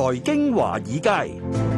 財經華爾街。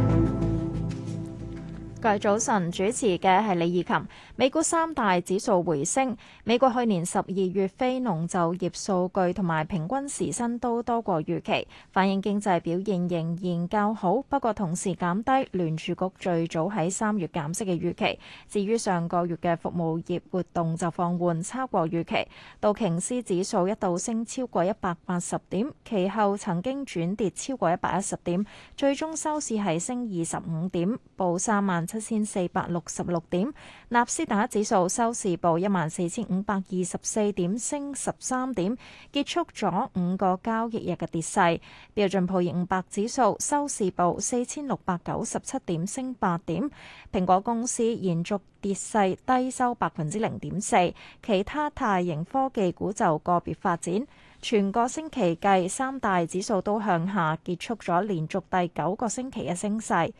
今日早晨主持嘅係李以琴。美股三大指數回升。美國去年十二月非農就業數據同埋平均時薪都多過預期，反映經濟表現仍然較好。不過同時減低聯儲局最早喺三月減息嘅預期。至於上個月嘅服務業活動就放緩差過預期。道瓊斯指數一度升超過一百八十點，其後曾經轉跌超過一百一十點，最終收市係升二十五點，報三萬。七千四百六十六點，納斯達指數收市報一萬四千五百二十四點，升十三點，結束咗五個交易日嘅跌勢。標準普爾五百指數收市報四千六百九十七點，升八點。蘋果公司延續跌勢，低收百分之零點四。其他大型科技股就個別發展。全個星期計，三大指數都向下，結束咗連續第九個星期嘅升勢。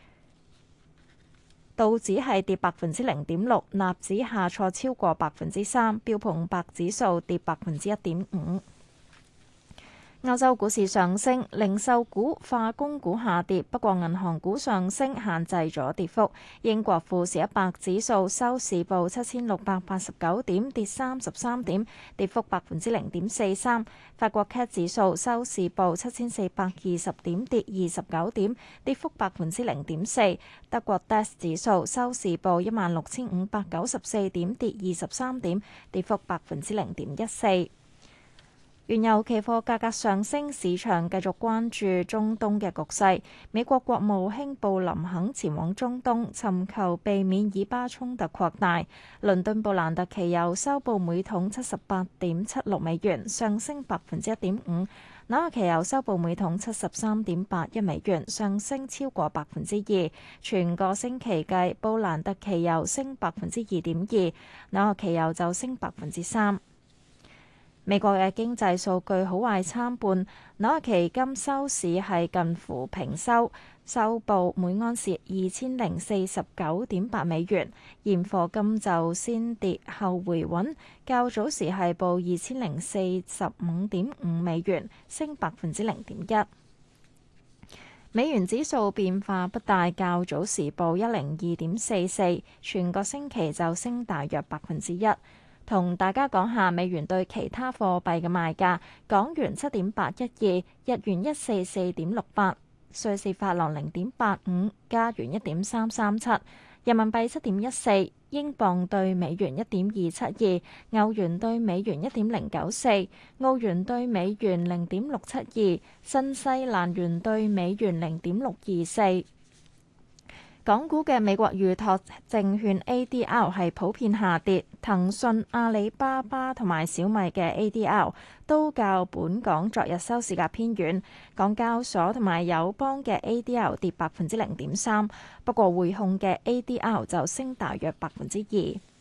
道指係跌百分之零點六，納指下挫超過百分之三，標普五百指數跌百分之一點五。歐洲股市上升，零售股、化工股下跌，不過銀行股上升，限制咗跌幅。英國富時一百指數收市報七千六百八十九點，跌三十三點，跌幅百分之零點四三。法國 CAC 指數收市報七千四百二十點，跌二十九點，跌幅百分之零點四。德國 DAX 指數收市報一萬六千五百九十四點，跌二十三點，跌幅百分之零點一四。原油期貨價格上升，市場繼續關注中東嘅局勢。美國國務卿布林肯前往中東，尋求避免以巴衝突擴大。倫敦布蘭特期油收報每桶七十八點七六美元，上升百分之一點五。紐約期油收報每桶七十三點八一美元，上升超過百分之二。全個星期計，布蘭特期油升百分之二點二，紐約期油就升百分之三。美國嘅經濟數據好壞參半，紐約期金收市係近乎平收，收報每安士二千零四十九點八美元。現貨金就先跌後回穩，較早時係報二千零四十五點五美元，升百分之零點一。美元指數變化不大，較早時報一零二點四四，全個星期就升大約百分之一。同大家講下美元對其他貨幣嘅賣價：港元七點八一二，日元一四四點六八，瑞士法郎零點八五，加元一點三三七，人民幣七點一四，英鎊對美元一點二七二，歐元對美元一點零九四，澳元對美元零點六七二，新西蘭元對美元零點六二四。港股嘅美國預託證券 ADR 係普遍下跌，騰訊、阿里巴巴同埋小米嘅 ADR 都較本港昨日收市價偏軟。港交所同埋友邦嘅 ADR 跌百分之零點三，不過匯控嘅 ADR 就升大約百分之二。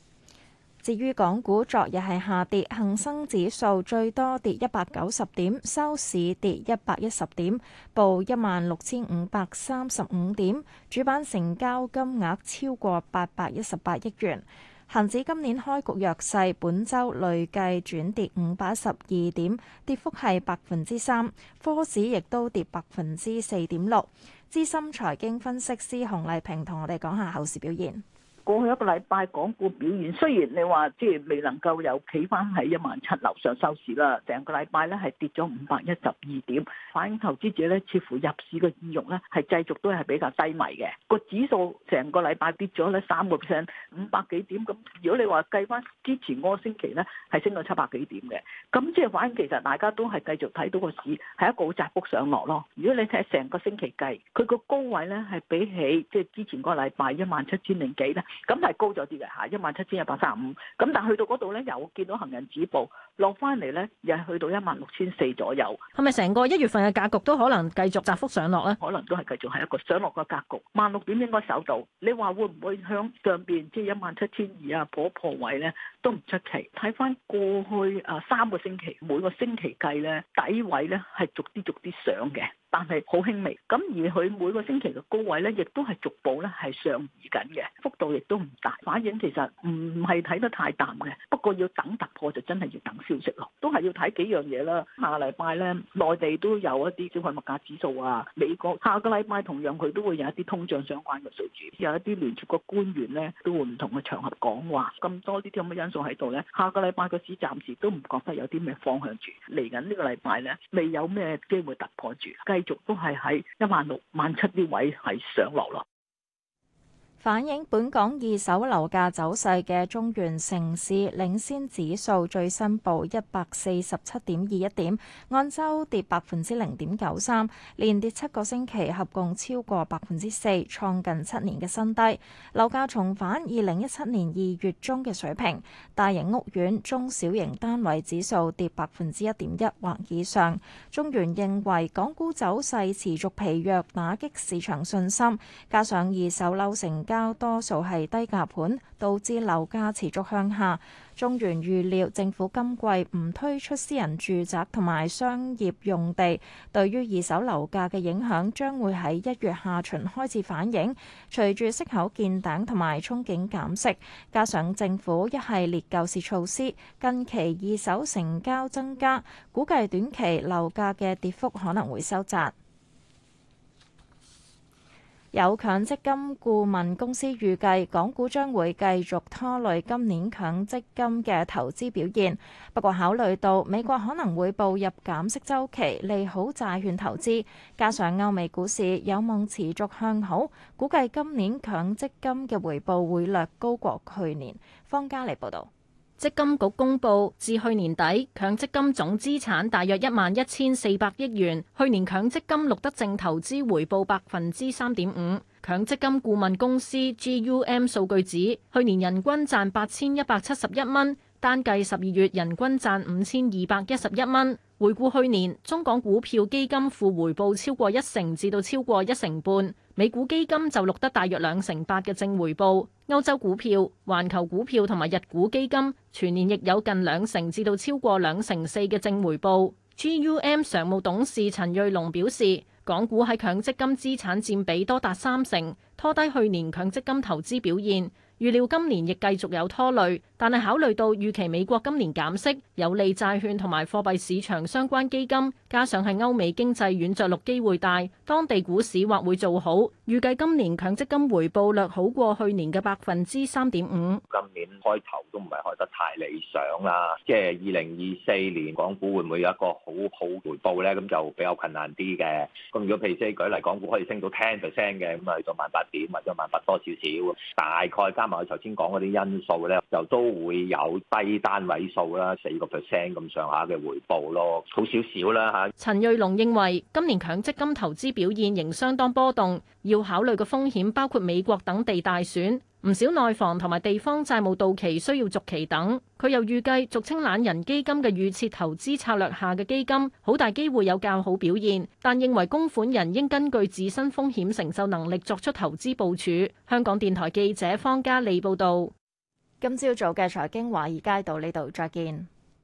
至於港股昨日係下跌，恒生指數最多跌一百九十點，收市跌一百一十點，報一萬六千五百三十五點，主板成交金額超過八百一十八億元。恒指今年開局弱勢，本週累計轉跌五百十二點，跌幅係百分之三。科指亦都跌百分之四點六。資深財經分析師洪麗萍同我哋講下後市表現。過去一個禮拜，港股表現雖然你話即係未能夠有企翻喺一萬七樓上收市啦，成個禮拜咧係跌咗五百一十二點，反映投資者咧似乎入市嘅意欲咧係繼續都係比較低迷嘅。指數，個指數成個禮拜跌咗咧三個 percent，五百幾點咁。如果你話計翻之前嗰星期咧，係升到七百幾點嘅，咁即係反映其實大家都係繼續睇到個市係一個好窄幅上落咯。如果你睇成個星期計，佢個高位咧係比起即係之前個禮拜一萬七千零幾咧。咁係高咗啲嘅嚇，一萬七千一百三十五。咁但係去到嗰度咧，又見到行人止步，落翻嚟咧，又係去到一萬六千四左右。係咪成個一月份嘅格局都可能繼續窄幅上落咧？是是可能都係繼續係一個上落嘅格局。萬六點應該守到。你話會唔會向上邊即係一萬七千二啊，破破位咧都唔出奇。睇翻過去啊，三個星期每個星期計咧，底位咧係逐啲逐啲上嘅，但係好輕微，咁而佢每個星期嘅高位咧，亦都係逐步咧係上移緊嘅，幅度亦都唔大，反映其實唔係睇得太淡嘅。不過要等突破就真係要等消息咯，都係要睇幾樣嘢啦。下個禮拜咧，內地都有一啲消費物價指數啊，美國下個禮拜同樣佢都會有一啲通脹相關嘅數據，有一啲聯儲局官員咧都會唔同嘅場合講話，咁多啲咁嘅因素喺度咧，下個禮拜個市暫時都唔覺得有啲咩方向住，嚟緊呢個禮拜咧未有咩機會突破住繼續都係喺一萬六萬七啲位係上落咯。反映本港二手樓價走勢嘅中原城市領先指數最新報一百四十七點二一點，按週跌百分之零點九三，連跌七個星期，合共超過百分之四，創近七年嘅新低。樓價重返二零一七年二月中嘅水平。大型屋苑中小型單位指數跌百分之一點一或以上。中原認為，港股走勢持續疲弱，打擊市場信心，加上二手樓成交多數係低價盤，導致樓價持續向下。中原預料政府今季唔推出私人住宅同埋商業用地，對於二手樓價嘅影響將會喺一月下旬開始反映。隨住息口見頂同埋憧憬減息，加上政府一系列救市措施，近期二手成交增加，估計短期樓價嘅跌幅可能會收窄。有強積金顧問公司預計，港股將會繼續拖累今年強積金嘅投資表現。不過考慮到美國可能會步入減息週期，利好債券投資，加上歐美股市有望持續向好，估計今年強積金嘅回報會略高過去年。方家莉報導。積金局公布，至去年底強積金總資產大約一萬一千四百億元。去年強積金錄得淨投資回報百分之三點五。強積金顧問公司 GUM 數據指，去年人均賺八千一百七十一蚊，單計十二月人均賺五千二百一十一蚊。回顧去年，中港股票基金負回報超過一成，至到超過一成半；美股基金就錄得大約兩成八嘅正回報。歐洲股票、環球股票同埋日股基金全年亦有近兩成，至到超過兩成四嘅正回報。GUM 常務董事陳瑞龍表示，港股喺強積金資產占比多達三成，拖低去年強積金投資表現。預料今年亦繼續有拖累，但係考慮到預期美國今年減息，有利債券同埋貨幣市場相關基金，加上係歐美經濟軟著陸機會大，當地股市或會做好。預計今年強積金回報略好過去年嘅百分之三點五。今年開頭都唔係開得太理想啦，即係二零二四年港股會唔會有一個好好回報呢？咁就比較困難啲嘅。咁如果譬如即係舉例，港股可以升到 ten 倍升嘅，咁啊去到萬八點，或者萬八多少少，大概三。我頭先講嗰啲因素咧，就都會有低單位數啦，四個 percent 咁上下嘅回報咯，好少少啦嚇。陳瑞龍認為今年強積金投資表現仍相當波動，要考慮嘅風險包括美國等地大選，唔少內房同埋地方債務到期需要續期等，佢又預計俗稱懶人基金嘅預設投資策略下嘅基金，好大機會有較好表現，但認為供款人應根據自身風險承受能力作出投資部署。香港電台記者方嘉利報道。今朝早嘅財經華爾街到呢度再見。